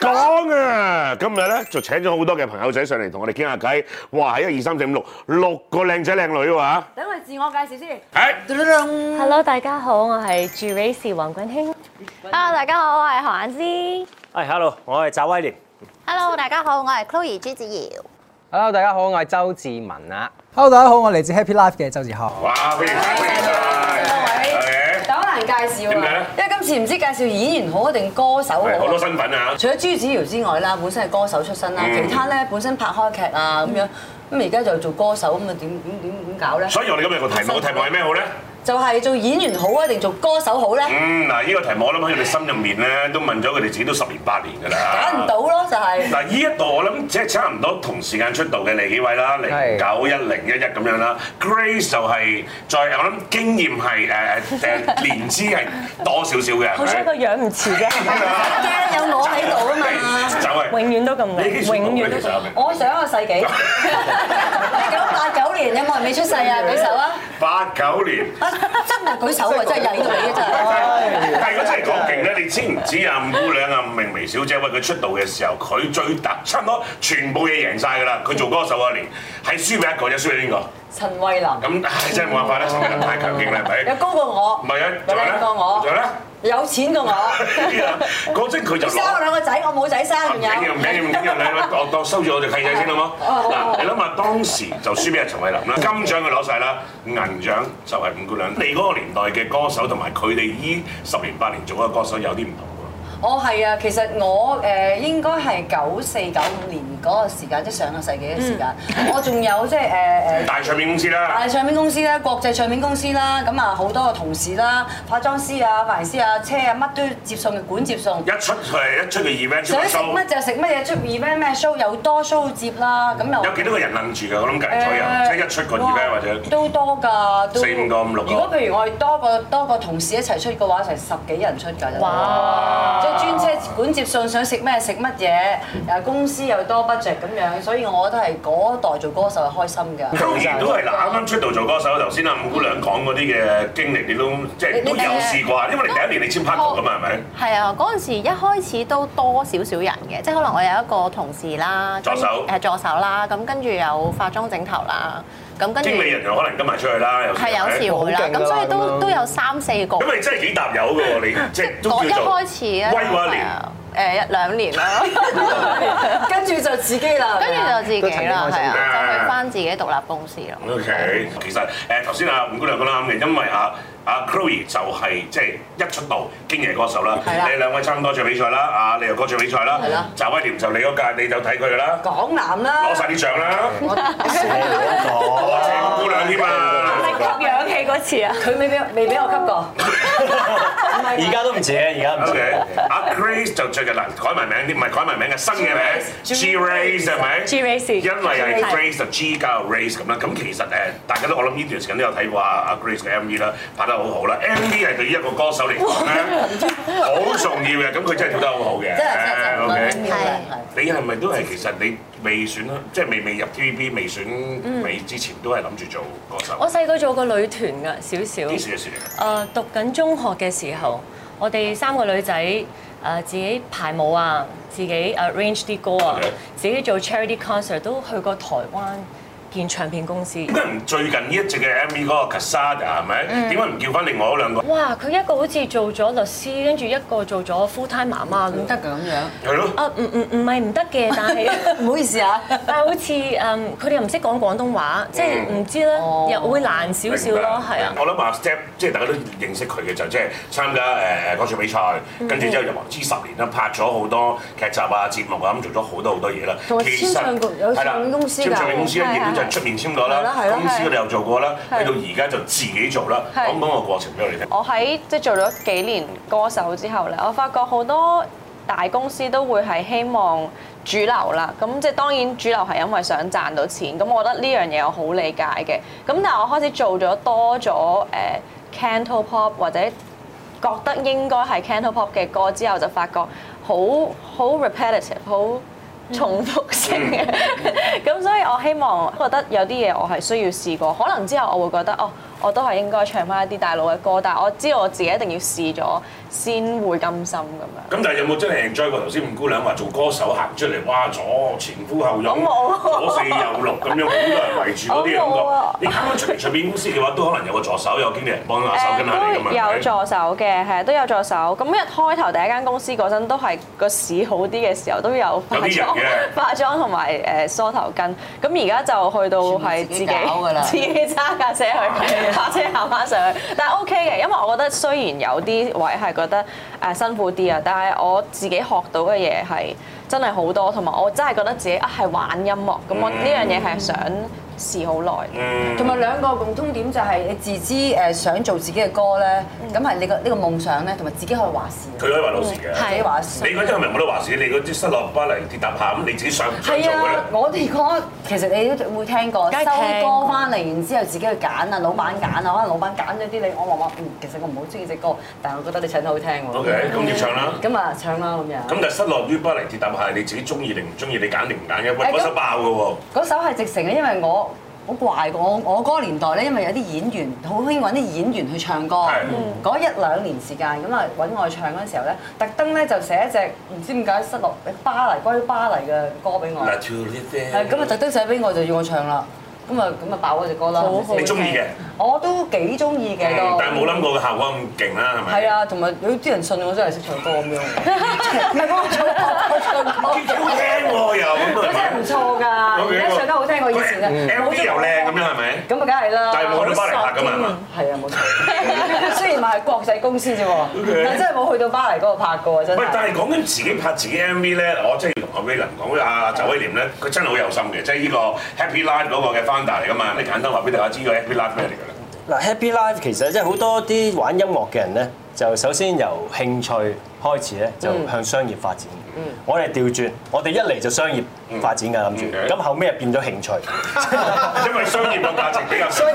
講啊！今日咧就請咗好多嘅朋友仔上嚟同我哋傾下偈。哇！係一二三四五六六個靚仔靚女喎。等佢自我介紹先。Hey. hello，大家好，我係 Grace、er、王君馨。Hello，大家好，我係何雁詩。係，Hello，我係翟威廉。Hello，大家好，我係 Chloe 朱子瑤。Hello，大家好，我係周志文啊。Hello，大家好，我嚟自 Happy Life 嘅周志康。介紹啊！因為今次唔知介紹演員好定歌手好，係啊好多身份啊！除咗朱子喬之外啦，本身係歌手出身啦，嗯、其他咧本身拍開劇啊咁樣，咁而家就做歌手咁啊點點點點搞咧？呢所以我哋今日個題目個本身題目係咩好咧？就係做演員好啊，定做歌手好咧？嗯，嗱，呢個題目我諗喺佢哋心入面咧，都問咗佢哋自己都十年八年噶啦，揀唔到咯，就係嗱呢一度我諗即係差唔多同時間出道嘅嚟幾位啦，零九一零一一咁樣啦，Grace 就係再我諗經驗係誒誒年資係多少少嘅，好彩個樣唔似嘅，有我喺度啊嘛，走係永遠都咁，永遠我上一個世紀一九八九年有冇人未出世啊？舉手啊！八九年真係 舉手喎，真係認到你嘅就係。係、啊、是如果真係講勁咧，是你知唔知啊？ 五姑娘啊，伍明媚小姐，為佢出道嘅時候，佢最突，差唔多全部嘢贏晒㗎啦。佢做歌手一年係輸畀一個，只輸畀邊個？陳慧琳。咁唉，真係冇辦法啦，陳慧琳太強勁啦，係咪？有高過我？唔係啊，仲有咧？仲有咧？有錢個 我，嗰陣佢就生兩個仔，我冇仔生，唔緊要，唔緊要，唔緊要，當當收住我條契仔先啦嘛。你諗下當時就輸畀阿陳慧琳啦，金獎就攞曬啦，銀獎就係五姑娘。你嗰個年代嘅歌手同埋佢哋依十年八年做嘅歌手有啲唔同。哦，係啊，其實我誒、呃、應該係九四九五年嗰個時間，即、就是、上個世紀嘅時間。嗯、我仲有即係誒誒，呃、大唱片公司啦，大唱片公司啦，國際唱片公司啦。咁啊，好多個同事啦、化妝師啊、髮型師啊、車啊，乜都要接送嘅，管接送。一出去，一出個 event，出個 show 想食乜就食乜嘢，出 event 咩 show 又多 show 接啦，咁又。有幾多個人楞住㗎？我諗計人左右，即、呃、一出個 event 或者哇都。都多㗎，四五個五六個。如果譬如我哋多個多個同事一齊出嘅話，一、就、齊、是、十幾人出㗎哇！專車管接送，想食咩食乜嘢，又公司又多 budget 咁樣，所以我都係嗰代做歌手係開心㗎。啱啱、啊啊、出道做歌手，頭先阿五姑娘講嗰啲嘅經歷，你都即係你都有試過？呃、因為你第一年、呃、你先拍過㗎嘛，係咪、呃？係吧啊，嗰陣時一開始都多少少人嘅，即係可能我有一個同事啦，助手係助手啦，咁跟住有化妝整頭啦。經理人又可能跟埋出去啦，有時會啦咁，所以都都有三四個。咁你真係幾搭友㗎喎，你即係一開始啊，係啊，誒一兩年啦，跟住就自己啦，跟住就自己啦，係啊，就去翻自己獨立公司咯。O K，其實誒頭先阿吳姑娘講得啱嘅，因為啊。阿 Chloe 就係即係一出道經爺歌手啦，你兩位差唔多著比賽啦，啊你又歌唱比賽啦，就威廉就你嗰屆你就睇佢啦，港男啦，攞晒啲獎啦，我係正姑娘添啊，吸氧氣嗰次啊，佢未俾未俾我吸過，而家都唔似啊，而家唔似。阿 Grace 就最近嗱改埋名，唔係改埋名嘅新嘅名，G Race 係咪？G Race，因為係 Grace 同 G 加個 Race 咁啦，咁其實誒大家都我諗呢段時間都有睇話阿 Grace 嘅 MV 啦，拍。做得好好啦！MV 係對於一個歌手嚟講好重要嘅。咁佢真係做得好好嘅，即係即係。真係好重要啦。你係咪都係其實你未選，即係未未入 TVB 未選美之前都係諗住做歌手？嗯，我細個做過女團噶少少。幾時嘅事？誒，讀緊中學嘅時候，我哋三個女仔誒自己排舞啊，自己 arrange 啲歌啊，的自己做 charity concert 都去過台灣。件唱片公司點最近一直嘅 MV 嗰個 Cassada 係咪？點解唔叫翻另外嗰兩個？哇！佢一個好似做咗律師，跟住一個做咗 fulltime 媽媽，咁得㗎咁樣？係咯？啊唔唔唔係唔得嘅，但係唔好意思啊，但係好似誒佢哋又唔識講廣東話，即係唔知咧，又會難少少咯，係啊！我諗阿 Step 即係大家都認識佢嘅就即係參加誒歌唱比賽，跟住之後入行咗十年啦，拍咗好多劇集啊、節目啊，咁做咗好多好多嘢啦。做過簽唱有唱片公司㗎。出面簽咗啦，公司佢哋又做過啦，去到而家就自己做啦，咁講個過程俾我哋聽。我喺即係做咗幾年歌手之後咧，我發覺好多大公司都會係希望主流啦，咁即係當然主流係因為想賺到錢，咁我覺得呢樣嘢我好理解嘅。咁但係我開始做咗多咗誒 Cantopop 或者覺得應該係 Cantopop 嘅歌之後，就發覺好好 repetitive 好。重複性嘅，咁所以我希望我覺得有啲嘢我係需要試過，可能之後我會覺得哦，我都係應該唱返一啲大陸嘅歌，但係我知道我自己一定要試咗，先會甘心咁樣。咁但係有冇真係 enjoy 過？頭先五姑娘話做歌手行出嚟，哇！左前呼後擁，我冇，左四右六咁樣，依啲都係圍住嗰啲嘅。你咁樣出出邊公司嘅話，都可能有個助手，有經理人幫下手跟下有助手嘅，係都有助手。咁一開頭第一間公司嗰陣，都係個市好啲嘅時候，都有化妝、化妝同埋誒梳頭巾。咁而家就去到係自己，自己揸架車去，揸車行翻上去。但係 OK 嘅，因為我覺得雖然有啲位係。覺得誒辛苦啲啊，但係我自己學到嘅嘢係真係好多，同埋我真係覺得自己啊係玩音樂，咁我呢樣嘢係想，試好耐，同埋兩個共通點就係你自知誒想做自己嘅歌咧，咁係你個呢個夢想咧，同埋自己可以話事。佢可以話老事嘅，自己話事。你嗰啲係咪冇得話事？你嗰啲失落巴黎鐵塔下咁，你自己想唔到嘅咧。我哋歌其實你都會聽過，收歌翻嚟，然之後自己去揀啊，老闆揀啊，可能老闆揀咗啲你，我話我嗯其實我唔好中意隻歌，但係我覺得你唱得好聽喎。O K，咁要唱啦。咁啊，唱啦咁樣。咁但就失落於巴黎鐵塔下，你自己中意定唔中意？你揀定唔揀嘅？喂，嗰首爆嘅喎。嗰首係直情嘅，因為我。好怪嘅，我我嗰個年代咧，因為有啲演員好興揾啲演員去唱歌，嗰的、嗯、一兩年時間咁啊揾我唱嗰陣時候咧，特登咧就寫一隻唔知點解失落巴黎關於巴黎嘅歌俾我。係咁啊，特登寫俾我就要我唱啦，咁啊咁啊爆嗰隻歌啦，好好好，你中意嘅。我都幾中意嘅，但係冇諗過個效果咁勁啦，係咪？係啊，同埋有啲人信我真係識唱歌咁樣，唔係我唱歌，我唱佢好聽喎又。佢真係唔錯㗎，而且唱得好聽過以前嘅？MV 又靚咁樣係咪？咁啊，梗係啦，但係冇去到巴黎拍咁係嘛？係啊，冇錯，雖然話係國際公司啫喎，但真係冇去到巴黎嗰度拍過真係。但係講緊自己拍自己 M V 咧，我真係同阿威廉講咧，阿阿周威廉咧，佢真係好有心嘅，即係呢個 Happy Life 嗰個嘅 founder 嚟㗎嘛，你簡單話俾大家知個 Happy Life 咩嚟㗎？嗱，Happy Life 其實即係好多啲玩音樂嘅人咧，就首先由興趣開始咧，就向商業發展。我哋調轉，我哋一嚟就商業發展㗎，諗住，咁後尾又變咗興趣，因為商業嘅價值比較大。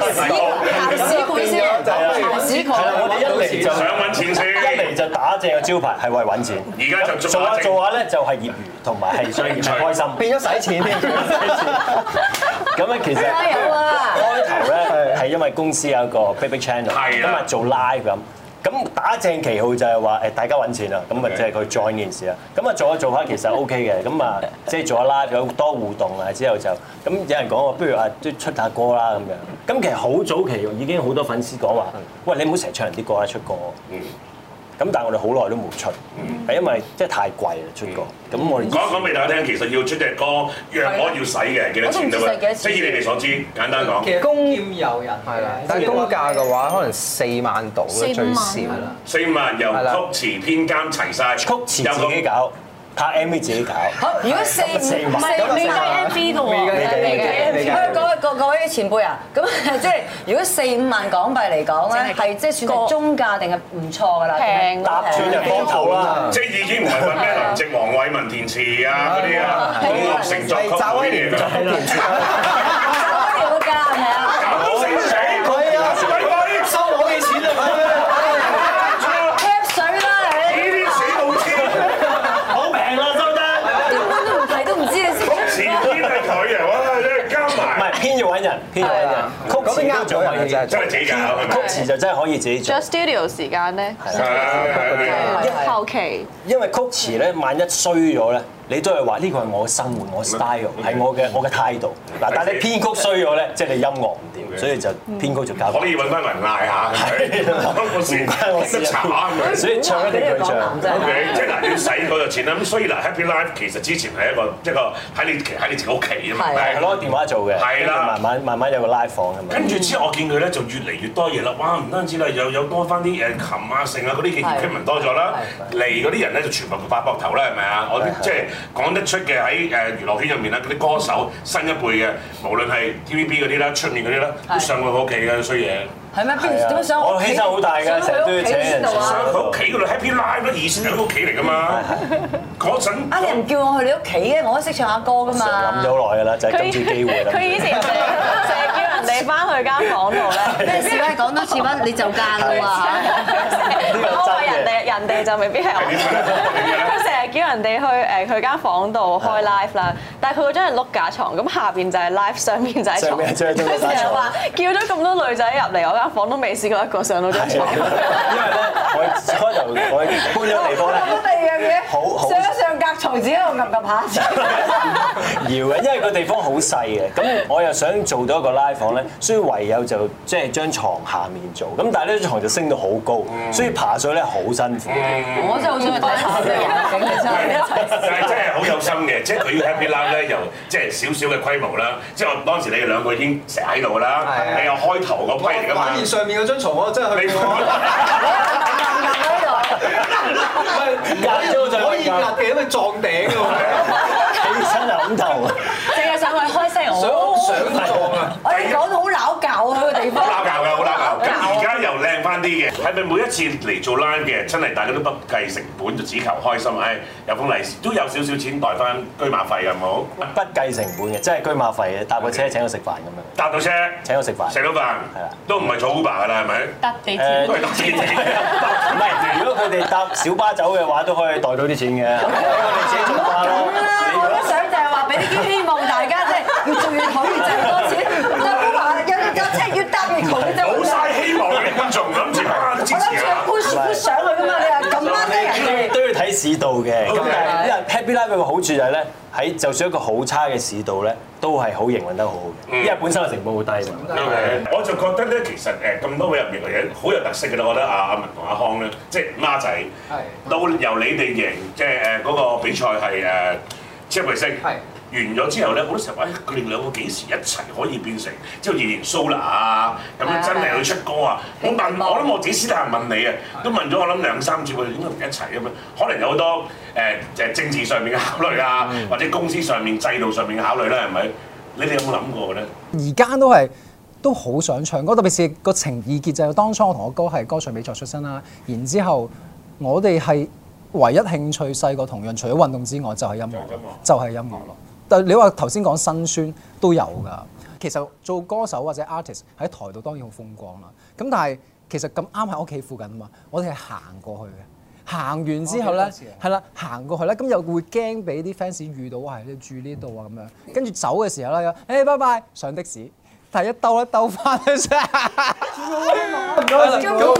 我哋一嚟就想揾錢先，一嚟就打正個招牌係為揾錢。而家就做下做下咧，就係業餘同埋係商業，唔開心，變咗使錢添。咁啊，其實開頭咧。因為公司有一個 basic channel，咁啊 Yeah. 做 live 咁，咁打正旗號就係話誒大家揾錢啊，咁啊即係佢 join 件事啊，咁啊做一做下其實 OK 嘅，咁啊即係做下 live 有多互動啊，之後就咁有人講話，不如話即出下歌啦咁樣，咁其實好早期已經好多粉絲講話，Yeah. 喂你唔好成日唱人啲歌啊，出歌。Yeah. 咁但係我哋好耐都冇出，係因為真係太貴啦出過。咁我哋講一講俾大家聽，其實要出隻歌，約莫要使嘅幾多錢？即以你哋所知，簡單講。工友人係啦，但係工價嘅話，可能四萬到最少。四五萬由曲詞編監齊晒，曲詞自己搞。拍 MV 自己搞。好，如果四五萬，未拍 MV 嘅位各位前輩啊，咁即係如果四五萬港幣嚟講咧，係即係算係中價定係唔錯㗎啦，平㗎，搭船入江啦。即係已經唔係揾咩林夕、黃偉文填詞啊嗰啲啊，獨立創作曲。唔係、 哎，偏要揾人，偏要揾人。啊、曲詞都做埋嘅啫，真係自己曲詞就真係可以自己做。做 studio 時間咧，後期的。的因為曲詞咧，萬一衰咗咧。你都係話呢個係我嘅生活，我 style 係我嘅我嘅態度。嗱，但係你編曲衰咗咧，即係你音樂唔掂嘅，所以就編曲就搞。可以揾翻人嗌下。係，我唔得查下佢。所以唱一定佢唱。OK，即係嗱，要使佢個錢啦。咁所以嗱，Happy Life 其實之前係一個一個喺你其喺你自己屋企啊嘛，係攞電話做嘅，係啦，慢慢慢慢有個拉房咁樣。跟住之後，我見佢咧就越嚟越多嘢啦。哇，唔單止啦，又有多翻啲誒琴啊、剩啊嗰啲嘅樂器聞多咗啦，嚟嗰啲人咧就全部發膊頭啦，係咪啊？我啲即係。講得出嘅喺誒娛樂圈入面咧，嗰啲歌手新一輩嘅，無論係 TVB 嗰啲啦、出面嗰啲啦，都上過我屋企嘅衰嘢。係咩？邊點樣上？我犧牲好大㗎，成日都要請人唱上佢屋企㗎啦，Happy Live 都以前喺屋企嚟㗎嘛。嗰陣啊，你唔叫我去你屋企嘅，我都識唱下歌㗎嘛。諗咗好耐㗎啦，就係今次機會啦。佢以前成日叫人哋翻去間房度咧，咩事都係講多次乜，你就尷啦。人哋人哋就未必係我哋，佢成日叫人哋去誒佢間房度開 live 啦，但係佢會將人碌架床。咁下邊就係 live，上面就係牀。佢成日話叫咗咁多女仔入嚟，我間房都未試過一個上到床。因為咧，我開頭我搬咗地方咧？揼到第二樣嘢。好，上上格床，只係一個揼揼下。搖嘅，因為個地方好細嘅，咁我又想做到一個 live 房咧，所以唯有就即係將床下面做，咁但係呢張牀就升到好高，所以爬上去咧。好辛苦，我真係好想發下聲。真係好有心嘅，即係佢要 happy live 呢，由即係少少嘅規模啦。即係我當時你哋兩個已經成日喺度啦，你有開頭嗰批嚟㗎嘛。上面嗰張牀我真係可以。可以壓嘅，因為撞頂啊嘛。起身就唞。成日想去開聲，我想撞啊。我哋講到好撈教啊，佢個地方，係咪每一次嚟做 line 嘅，真係大家都不計成本就只求開心？誒有封利是，都有少少錢袋翻居馬費嘅，好？不計成本嘅，真係居馬費嘅，搭個車請我食飯咁樣。搭到車請我食飯，食到飯係啦，都唔係坐 Uber 嘅啦，係咪？搭地鐵，唔係。如果佢哋搭小巴走嘅話，都可以袋到啲錢嘅。我哋自己做花咯。我都想就係話俾啲希望大家即係有資即係要答住佢啫，冇晒希望嘅觀眾諗住點樣上去㗎嘛，你話咁啱啲人，都要睇市道嘅。因為 Happy Life 嘅好處就係咧，喺就算一個好差嘅市道咧，都係好營運得好。因為本身嘅成本好低。我就覺得咧，其實誒咁多位入面嘅嘢好有特色嘅咯。我覺得阿阿文同阿康咧，即係孖仔，都由你哋贏，即係誒嗰個比賽係誒，即係唔該聲。完咗之後咧，好多時候話佢哋兩個幾時一齊可以變成之後年年蘇啦啊？咁樣真係去出歌啊！的我問、嗯、我諗，我幾時得閒問你啊？都問咗我諗兩三次，佢哋點解唔一齊咁樣。可能有好多誒誒、呃、政治上面嘅考慮啊，或者公司上面、制度上面嘅考慮咧，係咪？你哋有冇諗過嘅咧？而家都係都好想唱歌，特別是個情意結就係、是、當初我同我哥係歌唱比賽出身啦。然後之後我哋係唯一興趣細個同樣除咗運動之外就係、是、音樂，就係音樂咯。但你話頭先講辛酸都有㗎，其實做歌手或者 artist 喺台度當然好風光啦。咁但係其實咁啱喺屋企附近啊嘛，我哋係行過去嘅，行完之後咧係啦，行、啊那個啊、過去咧，咁又會驚俾啲 fans 遇到啊，你住呢度啊咁樣。跟住走嘅時候咧，誒拜拜，bye bye，上的士，但係一兜一兜翻去啊！嗰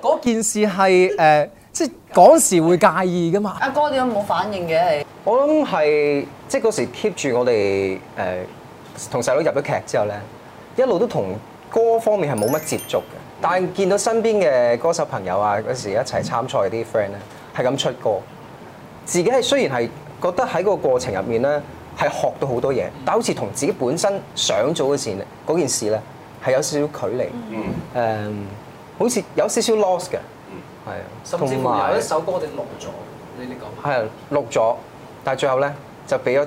嗰件事係誒。呃即係嗰時會介意噶嘛？阿、啊、哥點解冇反應嘅？我諗係即係嗰時 keep 住我哋誒同細佬入咗劇之後咧，一路都同歌方面係冇乜接觸嘅。但係見到身邊嘅歌手朋友啊，嗰時一齊參賽啲 friend 咧，係咁、mm hmm. 出歌。自己係雖然係覺得喺嗰個過程入面咧，係學到好多嘢，但好似同自己本身想做嗰時嗰件事咧，係有少少距離。誒、mm，hmm. um, 好似有少少 lost 嘅。係啊，甚至乎有一首歌我哋錄咗有，你哋講係錄咗，但係最後咧就俾咗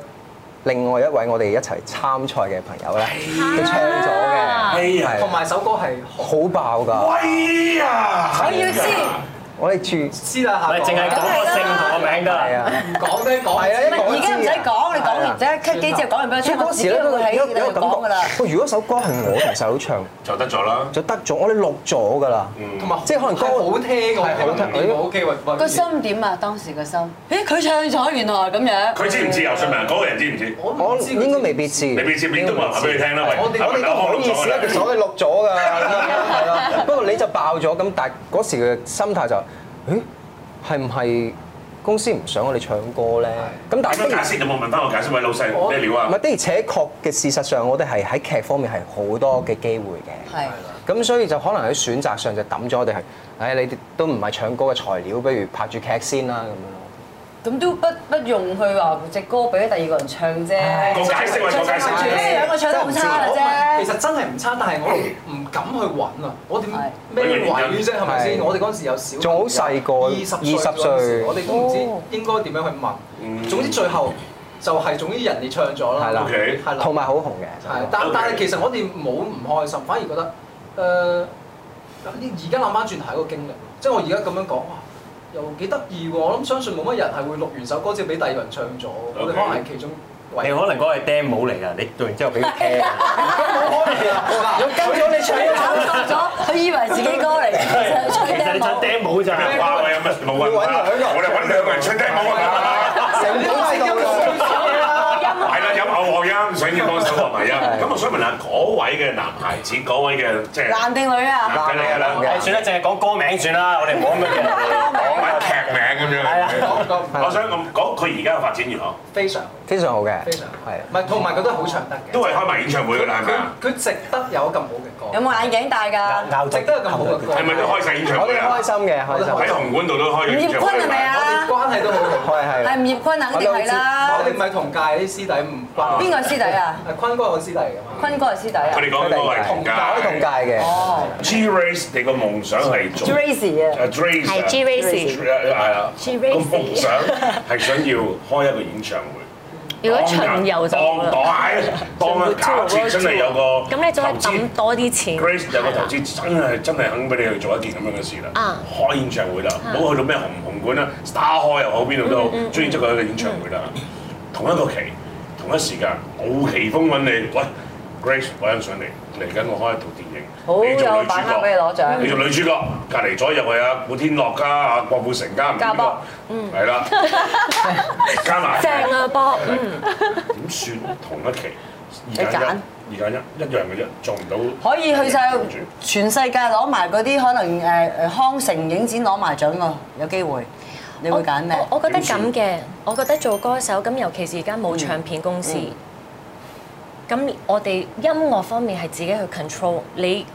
另外一位我哋一齊參賽嘅朋友咧，佢、啊、唱咗嘅，同埋首歌係好爆㗎，喂呀啊！我要知。我哋住師啦，校，咪淨係講個姓同個名得啦。唔講咩講，而家唔使講，你講完啫，cut 機之後講完畢，出歌時都會佢喺度有感覺噶啦。喂，如果首歌係我首唱，就得咗啦。就得咗，我哋錄咗噶啦，即係可能歌好聽㗎嘛，係咪得？O K 個心點啊？當時個心，咦？佢唱咗，原來咁樣。佢知唔知？游俊明嗰個人知唔知？我唔知，應該未必知。未必知，邊都冇話俾你聽啦。我我哋都唔好意思啊。其實我哋錄咗㗎，係啦。不過你就爆咗咁，但嗰時嘅心態就。誒係唔係公司唔想我哋唱歌咧？咁的但係是解釋有冇問翻我解釋位老細咩料啊？唔係，的而且確嘅事實上，我哋係喺劇方面係好多嘅機會嘅。係。咁所以就可能喺選擇上就揼咗我哋係，誒、哎、你都唔係唱歌嘅材料，不如拍住劇先啦咁樣。咁都不不用去話隻歌俾第二個人唱啫，唱完全係兩個唱得唔差啦啫。其實真係唔差，但係我哋唔敢去揾啊！我哋咩位啫？係咪先？我哋嗰時有少，仲好細個，二十二十歲，我哋都唔知應該點樣去問。總之最後就係總之人哋唱咗啦，同埋好紅嘅。但但係其實我哋冇唔開心，反而覺得誒而家諗返轉頭係一個經歷，即係我而家咁樣講。又幾得意喎！我諗相信冇乜人係會錄完首歌之後俾第二人唱咗，我哋可能係其中你可能嗰係 DAM 舞嚟啊！你錄完之後俾。跟咗你唱咗，佢以為自己歌嚟。其實你唱 d a 釘舞咋？掛我有咩冇啊？我哋揾兩個人唱釘舞啊！成日都係音樂組啊！係啦，飲牛王音，所以幫手學埋音。咁我想問下嗰位嘅男孩子，嗰位嘅即係男定女啊？男定女？誒，算啦，淨係講歌名算啦，我哋冇咁樣嘅。名咁樣，我想講講佢而家嘅發展如何？非常非常好嘅，非常係咪？同埋覺得好唱得嘅，都係開埋演唱會噶啦，係咪佢值得有咁好嘅歌。有冇眼鏡戴㗎？值得有咁好嘅歌。係咪都開晒演唱會啊？我哋開心嘅，喺紅館度都開演唱會。吳業坤係咪啊？關係都好好，係係。係吳業坤肯定係啦。我哋唔係同屆啲師弟，唔關。邊個師弟啊？坤哥係個師弟嚟㗎嘛。哥係師弟啊！佢哋講嘅係同屆，同屆嘅。哦。Grace 你個夢想係做 Grace 係 Grace 係啊。個夢想係想要開一個演唱會。如果巡遊就好啦。當帶，當啊帶，真係有個投資，多啲錢。Grace 有個投資，真係真係肯俾你去做一件咁樣嘅事啦。啊。開演唱會啦，唔好去到咩紅紅館啦，打開又好，邊度都好，中意執個演唱會啦。同一個期，同一時間，我奇峯揾你，喂！我欣賞嚟嚟緊，我開一套電影，好有把握畀你攞獎，你做女主角，你做女主角，隔離咗入去啊，古天樂加啊，郭富城加加波，嗯，係啦，加埋，正啊波，嗯，點算？同一期二揀一，二揀一一樣嘅啫，做唔到可以去晒全世界攞埋嗰啲可能誒誒康城影展攞埋獎喎，有機會你會揀咩？我覺得咁嘅，我覺得做歌手咁，尤其是而家冇唱片公司。咁我哋音樂方面係自己去 control。你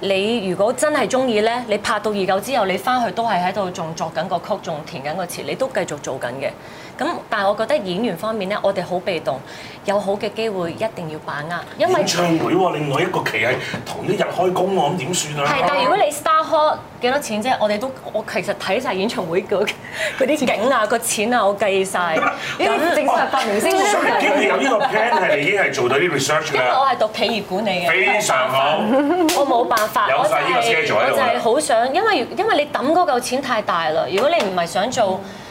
你如果真係中意咧，你拍到二九之後，你翻去都係喺度仲作緊個曲，仲填緊個詞，你都繼續做緊嘅。咁，但係我覺得演員方面咧，我哋好被動，有好嘅機會一定要把握。因為演唱會喎、啊，另外一個期係同一日開工喎，咁點算啊？係、啊，但係如果你 Star Hall 幾多錢啫、啊？我哋都我其實睇晒演唱會嗰啲景啊、個錢、錢啊，我計曬。因為 正常發明星，所以你今日有呢個 plan 係已經係做到啲 research 㗎啦。因為我係讀企業管理嘅。非常好。我冇辦法。有晒呢個 schedule 我就係、係、好想 因，因為因為你抌嗰嚿錢太大啦，如果你唔係想做。嗯。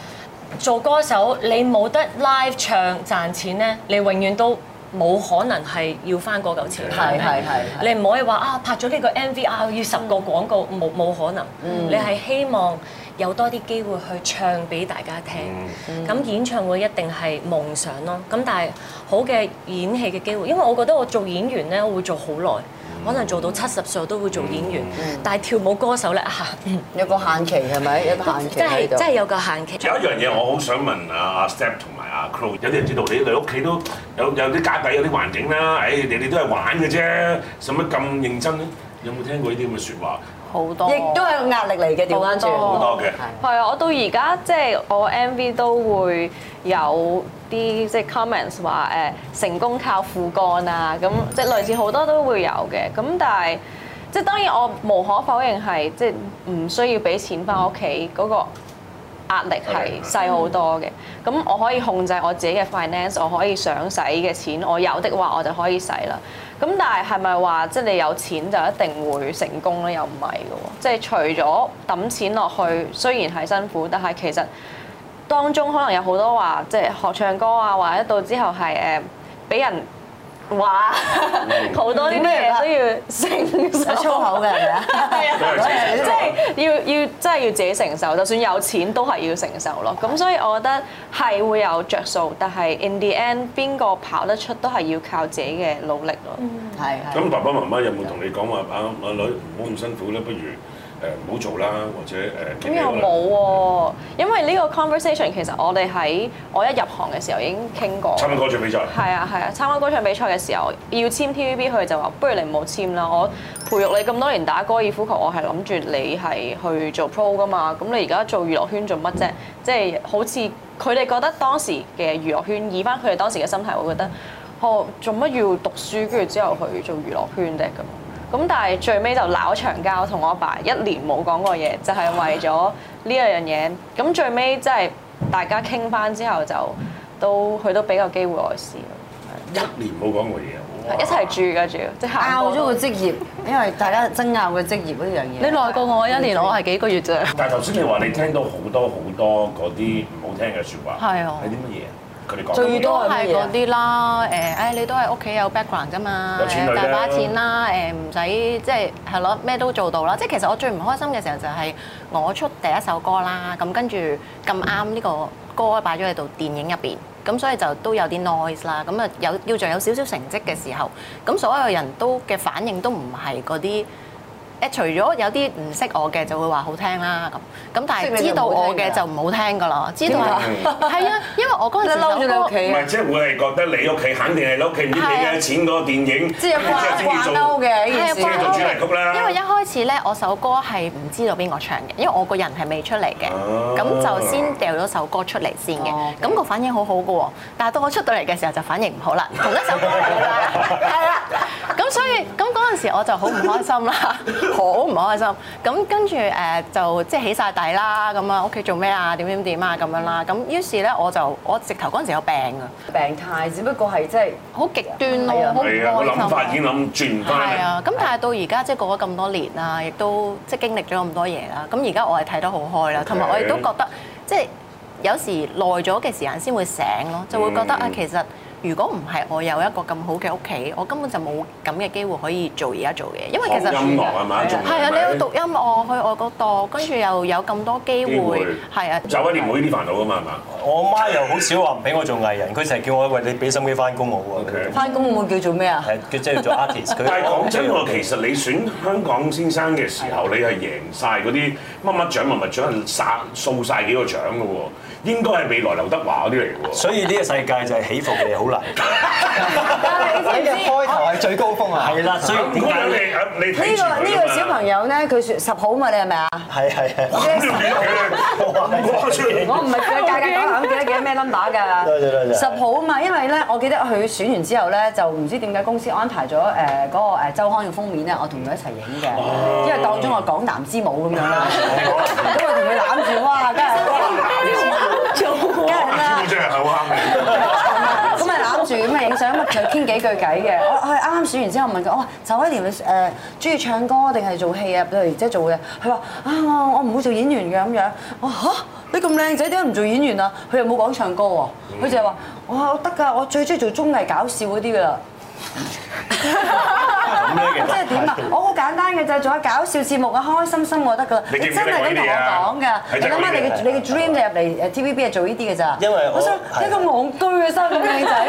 做歌手，你冇得 live 唱賺錢呢，你永遠都冇可能係要翻嗰嚿錢。係係。你唔可以話啊，拍咗呢個 MV 啊，要十個廣告冇冇、嗯、可能？嗯、你係希望有多啲機會去唱俾大家聽。咁、嗯嗯、演唱會一定係夢想咯。咁但係好嘅演戲嘅機會，因為我覺得我做演員呢，我會做好耐。可能做到七十歲都會做演員，嗯嗯、但係跳舞歌手咧、嗯，有個限期係咪？一個限期喺度真係真係有個限期。有一樣嘢我好想問 啊 Steph 同埋阿 Crow，有啲人知道你哋屋企都有有啲家底、有啲環境啦。誒、哎，你哋都係玩嘅啫，使乜咁認真咧？有冇聽過呢啲咁嘅説話好多？好多，亦都係壓力嚟嘅。點樣？好多好多嘅。係啊對，我到而家即係我 MV 都會有。啲即係 comments 話誒成功靠父幹啊，咁即係類似好多都會有嘅，咁、嗯、但係即係當然我無可否認係即係唔需要俾錢翻屋企嗰個壓力係細好多嘅，咁、嗯、我可以控制我自己嘅 finance，我可以想使嘅錢我有的話我就可以使啦。咁但係係咪話即係你有錢就一定會成功咧？又唔係嘅喎，即係除咗抌錢落去雖然係辛苦，但係其實。當中可能有好多話，即係學唱歌啊，或者到之後係誒俾人話好多啲咩嘢都要承受粗口嘅係咪啊？即係要要，即係 要，要，要自己承受，就算有錢都係要承受咯。咁的所以我覺得係會有着數，但係 in the end 邊個跑得出都係要靠自己嘅努力咯。係、嗯。咁爸爸媽媽有冇同你講話啊，阿女唔好咁辛苦咧，不如？誒唔好做啦，或者誒咁又冇喎？呃啊嗯、因為呢個 conversation 其實我哋喺我一入行嘅時候已經傾過。參加嗰場比賽係啊係啊！參加歌唱比賽嘅時候，要簽 TVB，佢就話：不如你唔好簽啦！我培育你咁多年打高爾夫球，我係諗住你係去做 pro 㗎嘛。咁你而家做娛樂圈做乜啫？即、就、係、是、好似佢哋覺得當時嘅娛樂圈，以翻佢哋當時嘅心態，我覺得我做乜要讀書，跟住之後去做娛樂圈啫。」咁。咁但係最尾就鬧咗場交，同我阿爸一年冇講過嘢，就係、是、為咗呢一樣嘢。咁最尾即係大家傾翻之後，就都佢都俾個機會我試。一年冇講過嘢，一齊住㗎住，即係拗咗個職業，因為大家真爭拗個職業呢樣嘢。你耐過我一年，對我係幾個月啫。但係頭先你話你聽到好多好多嗰啲唔好聽嘅説話，係啊的，係啲乜嘢？最多係嗰啲啦，誒、啊，誒、哎，你都係屋企有 background 㗎嘛，大把錢啦，誒，唔使即係係咯，咩、即係、都做到啦。即係其實我最唔開心嘅時候就係我出第一首歌啦，咁跟住咁啱呢個歌擺咗喺度電影入邊，咁所以就都有啲 noise 啦。咁啊，有要著有少少成績嘅時候，咁所有人都嘅反應都唔係嗰啲。誒，除咗有啲唔識我嘅就會話好聽啦，咁咁但係知道我嘅就唔好聽噶啦，知道係係啊，因為我嗰陣時屋企。唔係即係我係覺得你屋企肯定係你屋企唔知你嘅錢嗰個電影即係做嘅呢件事做主題曲啦。因為一開始咧，我首歌係唔知道邊個唱嘅，因為我個人係未出嚟嘅，咁就先掉咗首歌出嚟先嘅，咁個反應好好嘅喎，但係到我出到嚟嘅時候就反應唔好啦，同一首歌啦，係啦，咁所以咁嗰陣時我就好唔開心啦。好 唔開心，咁跟住誒就即係起晒底啦，咁啊屋企做咩啊？點點點啊咁樣啦，咁於是咧我就我直頭嗰陣時有病啊，病態，只不過係即係好極端咯，係啊對，對我諗法已經諗轉翻。係啊，咁但係到而家即係過咗咁多年啦，亦都即係經歷咗咁多嘢啦，咁而家我係睇得好開的啦，同埋我亦都覺得即係有時耐咗嘅時間先會醒咯，就會覺得啊其實。如果唔係我有一個咁好嘅屋企，我根本就冇咁嘅機會可以做而家做嘢。因為其實音樂係咪一種？係啊，你要讀音樂去外國度，跟住又有咁多機會，係啊。走一年冇呢啲煩惱㗎嘛？係嘛？我媽又好少話唔俾我做藝人，佢成日叫我喂，你俾心機翻工好喎。翻工會唔會叫做咩啊？係，佢即係做 artist。但係講真喎，其實你選香港先生嘅時候，你係贏晒嗰啲乜乜獎、乜乜獎，殺掃晒幾個獎㗎喎。應該係未來劉德華嗰啲嚟，所以呢個世界就係起伏嘅，好難。你嘅開頭係最高峰啊！係啦，所以呢個呢個小朋友咧，佢選十號嘛？你係咪啊？係係係。我唔係佢家家講記得幾多咩 number 㗎？十號啊嘛，因為咧，我記得佢選完之後咧，就唔知點解公司安排咗誒嗰個週刊嘅封面咧，我同佢一齊影嘅，因為當中我《港男之舞》咁樣啦，咁我同佢攬住，哇，真係～即係好啱咁咪攬住咁咪影相，咁啊傾幾句偈嘅。我係啱啱選完之後問佢，哦，話：翟威廉，你誒，中意唱歌定係做戲啊？譬如即係做嘅，佢話：啊，我唔會做演員嘅咁樣。我嚇、啊、你咁靚仔點解唔做演員啊？佢又冇講唱歌喎，佢、嗯、就話、哦：我我得㗎，我最中意做綜藝搞笑嗰啲㗎啦。即係點啊？我好簡單嘅就係，做下搞笑節目啊，開開心心我得噶啦。你真係咁同我講噶？你諗下你嘅你嘅 dream 就入嚟誒 TVB 係做呢啲嘅咋？因為我想一個憨居嘅心嘅靚仔，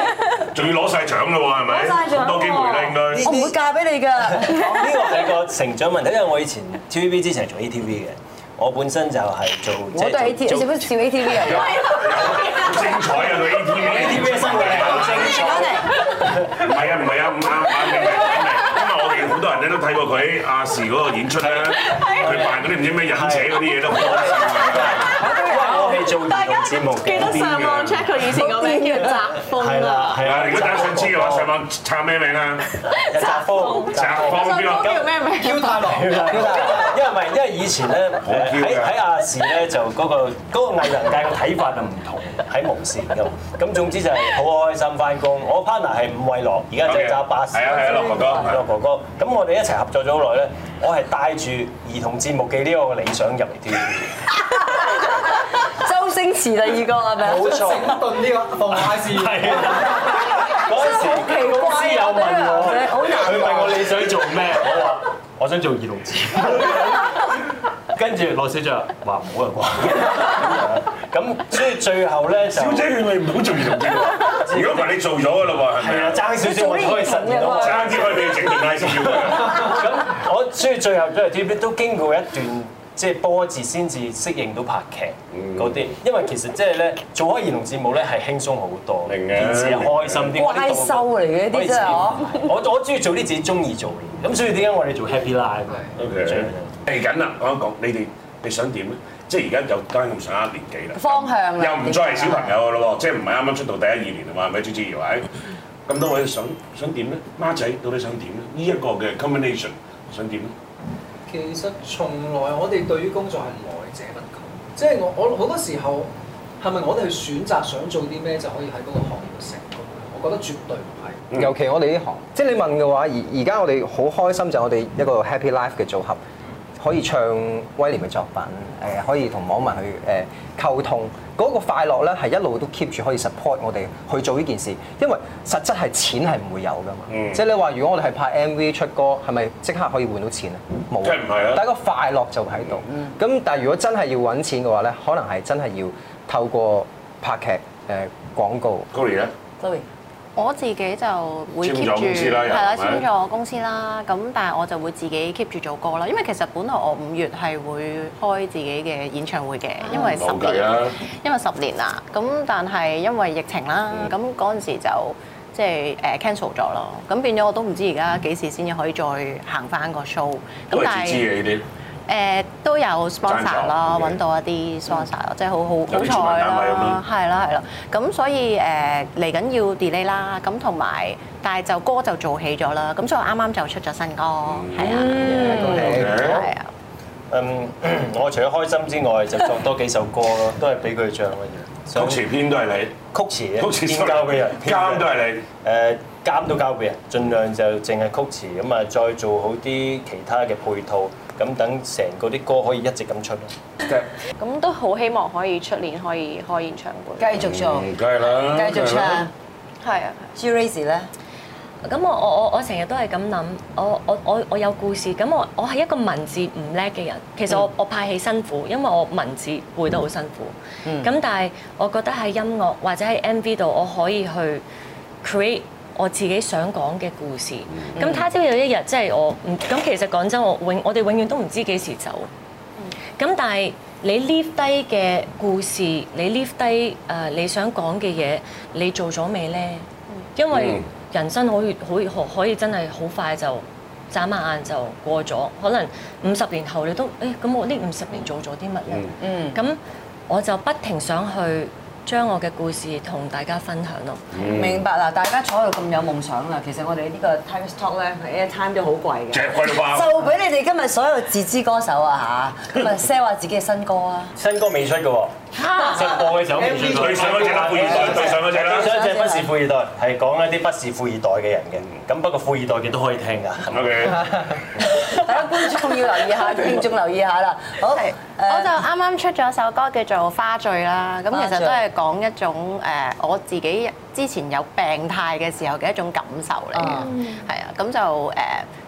仲要攞晒獎咯喎，係咪？攞晒獎，多機會啦應該。我唔會嫁俾你㗎。呢個係個成長問題，因為我以前 TVB 之前係做 ATV 嘅。我本身就係做，就係、做少少 ATV 好精彩啊，佢 ATV，ATV 生活係好精彩。唔係啊，唔係啊，唔啱啊，真係、啊啊啊啊、因為我哋好多人咧都睇過佢亞視嗰個演出咧，佢扮嗰啲唔知咩人扯嗰啲嘢都好多，啊。做兒童節目記得上網 check 佢以前個名叫澤豐啊！係啦，係啊！如果大家想知嘅話，上網查咩名啦？澤豐，澤豐，叫咩名？Q 太樂，Q 因為以前咧喺喺亞視咧就嗰個嗰個藝人界嘅睇法就唔同，喺無線咁。咁總之就係好開心翻工。我 partner 係伍惠樂，而家就係揸巴士。係啊，係啊，哥哥，哥哥。咁我哋一齊合作咗好耐咧。我係帶住兒童節目嘅呢個理想入嚟做。星馳 第二個係咪？冇錯，整得呢啲咯，當街市。係 啊，嗰陣時公司有問我，佢問我你想做咩？我話我想做兒童節。跟住羅小姐話唔好，又咁，所以最後咧，小姐你咪唔好做兒童節。如果唔係你做咗嘅嘞喎，係啊，爭少少，我可以實現嘅嘛。爭啲可以俾佢整條街市。咁我所以最後都係 T B，都經過一段。即係波字先至適應到拍劇嗰啲，因為其實即係咧做開兒童節目咧係輕鬆好多，因此係開心啲。怪獸嚟嘅啲真我我中意做啲自己中意做嘅嘢。咁所以點解我哋做 Happy Life？嚟緊啦，講一講你哋你想點咧？即係而家有間咁上下年紀啦，方向啦，又唔再係小朋友嘅咯喎，即係唔係啱啱出道第一二年啊嘛？係咪主持人？咁多位想想點咧？孖仔到底想點咧？呢一個嘅 combination 想點咧？其實從來我哋對於工作係來者不拒，即係我我好多時候係咪我哋去選擇想做啲咩就可以喺嗰個行業成功？我覺得絕對唔係。嗯。尤其我哋呢行，即係你問嘅話，而而家我哋好開心就係我哋一個 Happy Life 嘅組合。可以唱威廉嘅作品，誒可以同網民去誒溝通嗰、那個快樂咧，係一路都 keep 住可以 support 我哋去做呢件事，因為實質係錢係唔會有噶嘛。嗯、即係你話，如果我哋係拍 MV 出歌，係咪即刻可以換到錢啊？冇，梗係唔係啦。但係個快樂就喺度。咁、嗯、但係如果真係要揾錢嘅話咧，可能係真係要透過拍劇誒、呃、廣告。Koly 咧？我自己就會 keep 住係啦，簽咗公司啦，咁是嗎 但係我就會自己 keep 住做歌啦。因為其實本來我五月係會開自己嘅演唱會嘅，因為十年，因為十年啦。咁但係因為疫情啦，咁嗰陣時就即係誒 cancel 咗咯。咁變咗我都唔知而家幾時先至可以再行翻個 show。咁、嗯、但係。誒都有 sponsor 咯，揾到一啲 sponsor 咯，即係好好好彩咯，係啦係啦。咁所以誒嚟緊要 delay 啦，咁同埋但係就歌就做起咗啦。咁所以我啱啱就出咗新歌，係啊，係啊。嗯，我除咗開心之外，就作多幾首歌咯，都係俾佢唱嘅嘢。曲詞編都係你，曲詞編交俾人，監都係你，誒監都交俾人，盡量就淨係曲詞咁啊，再做好啲其他嘅配套。咁等成個啲歌可以一直咁出咯，咁都好希望可以出年可以開演唱會，繼續做，繼續唱，係啊。Grazy 咧，咁我我我我成日都係咁諗，我我我我有故事，咁我我係一個文字唔叻嘅人，其實我我拍戲辛苦，因為我文字背得好辛苦，咁但係我覺得喺音樂或者喺 MV 度我可以去 create。我自己想講嘅故事，咁、嗯、他朝有一日即係我，咁其實講真，我永我哋永遠都唔知幾時走。咁、嗯、但係你 leave 低嘅故事，你 leave 低誒你想講嘅嘢，你做咗未呢？因為人生可以可以可以真係好快就眨下眼就過咗，可能五十年後你都誒咁、欸、我呢五十年做咗啲乜呢？咁、嗯嗯、我就不停想去，將我嘅故事同大家分享咯，明白啦！大家坐喺度咁有夢想啦，其實我哋呢個 Time Talk 呢，每一 time 都好貴嘅，就鬼俾你哋今日所有自資歌手啊咁嚇，sell 下自己嘅新歌啊，新歌未出嘅，直播嘅時候未出。佢上嗰隻，富二代上嗰隻啦，上嗰隻不是富二代，係講一啲不是富二代嘅人嘅，咁不過富二代嘅都可以聽噶，O K。大家觀眾要留意下，聽眾留意下啦，好。我就啱啱出咗首歌叫做《花醉》啦，咁醉其實都係講一種誒我自己之前有病態嘅時候嘅一種感受嚟嘅，係啊、嗯，咁就誒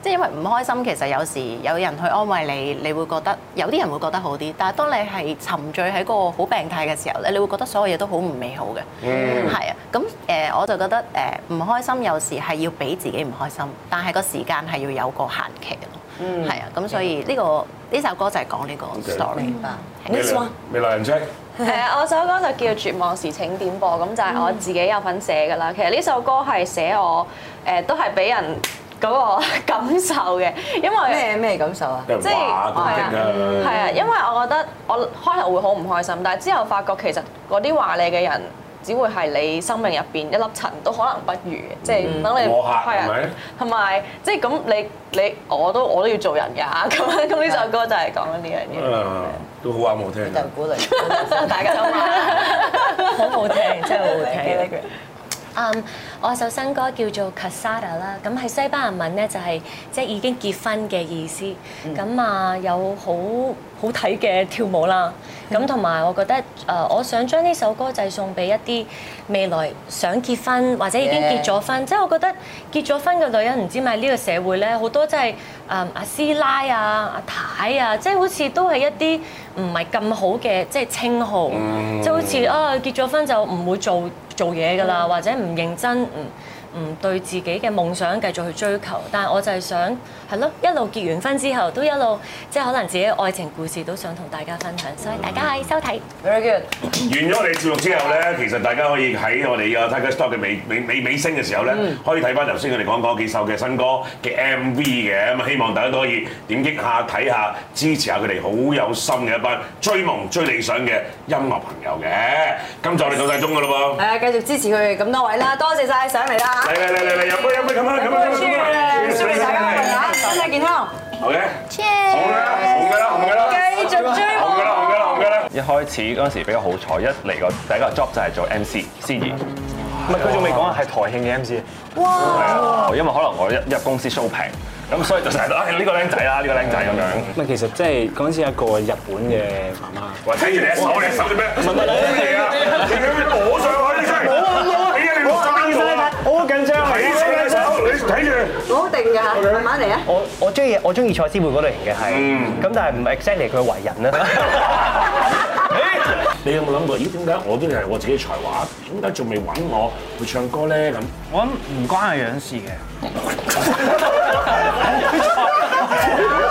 即係因為唔開心，其實有時有人去安慰你，你會覺得有啲人會覺得好啲，但係當你係沉醉喺個好病態嘅時候咧，你會覺得所有嘢都好唔美好嘅，係啊、嗯，咁誒我就覺得誒唔開心有時係要俾自己唔開心，但係個時間係要有個限期。嗯，係啊，咁所以呢、這個呢、嗯、首歌就係講呢個 story 吧。嗯、未來未來人啫，係啊，我首歌就叫《絕望時請點播》，咁就係、是、我自己有份寫㗎啦。其實呢首歌係寫我誒都係俾人嗰個感受嘅，因為咩咩感受啊？即係、就是，係啊，係啊、嗯，因為我覺得我開頭會好唔開心，但係之後發覺其實嗰啲話你嘅人。只會係你生命入邊一粒塵，都可能不如，即係等你係啊。同埋即係咁，你你我都我都要做人㗎嚇。咁咁呢首歌就係講緊呢樣嘢。都好啱，我聽。佢就鼓勵，真係大家都好，好聽，真係好好聽呢句。誒，我首新歌叫做《Casada》啦，咁喺西班牙文咧，就係即係已經結婚嘅意思。咁啊、嗯，有好好睇嘅跳舞啦。咁同埋，我覺得誒，我想將呢首歌就係送俾一啲未來想結婚或者已經結咗婚，即係 Yeah. 我覺得結咗婚嘅女人，唔知咪呢個社會咧好多即係誒阿師奶啊、阿太啊，即係好似都係一啲唔係咁好嘅即係稱號，即係、嗯、好似啊結咗婚就唔會做。做嘢噶啦，或者唔認真，嗯。唔對自己嘅夢想繼續去追求，但係我就係想係咯，一路結完婚之後都一路即係可能自己愛情故事都想同大家分享，所以大家係收睇。Very good。完咗我哋節目之後咧，其實大家可以喺我哋嘅《Tiger Star》嘅尾尾尾尾聲嘅時候咧，嗯、可以睇翻頭先佢哋講講幾首嘅新歌嘅 M V 嘅，咁希望大家都可以點擊下睇下，支持下佢哋好有心嘅一班追夢追理想嘅音樂朋友嘅。今集我哋到晒鐘㗎啦噃。係啊，繼續支持佢哋，咁多位啦，多謝晒，多謝上嚟啦。嚟嚟嚟嚟嚟，飲杯飲杯咁樣咁樣，出嚟出嚟，大家嚟啦，身體健康。好嘅，Cheers！紅嘅啦，紅嘅啦，紅嘅啦，繼續追夢。紅嘅啦，紅嘅啦，紅嘅啦。一開始嗰陣時比較好彩，一嚟個第一個 job 就係做 MC 司儀，唔係佢仲未講啊，係台慶嘅 MC。哇！因為可能我一入公司超平，咁所以就成日都啊呢個僆仔啦，呢個僆仔咁樣。唔係其實即係嗰陣時有一個日本嘅媽媽。哇！聽住你手你手做咩？唔係你啊！我我中意我中意蔡思貝嗰類型嘅係，咁的但係唔係 exactly 佢為人咧。 你有冇諗過？咦，點解我都樣係我自己嘅才華？點解仲未揾我去唱歌咧？咁我諗唔關佢樣事嘅。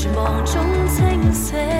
是夢中清醒。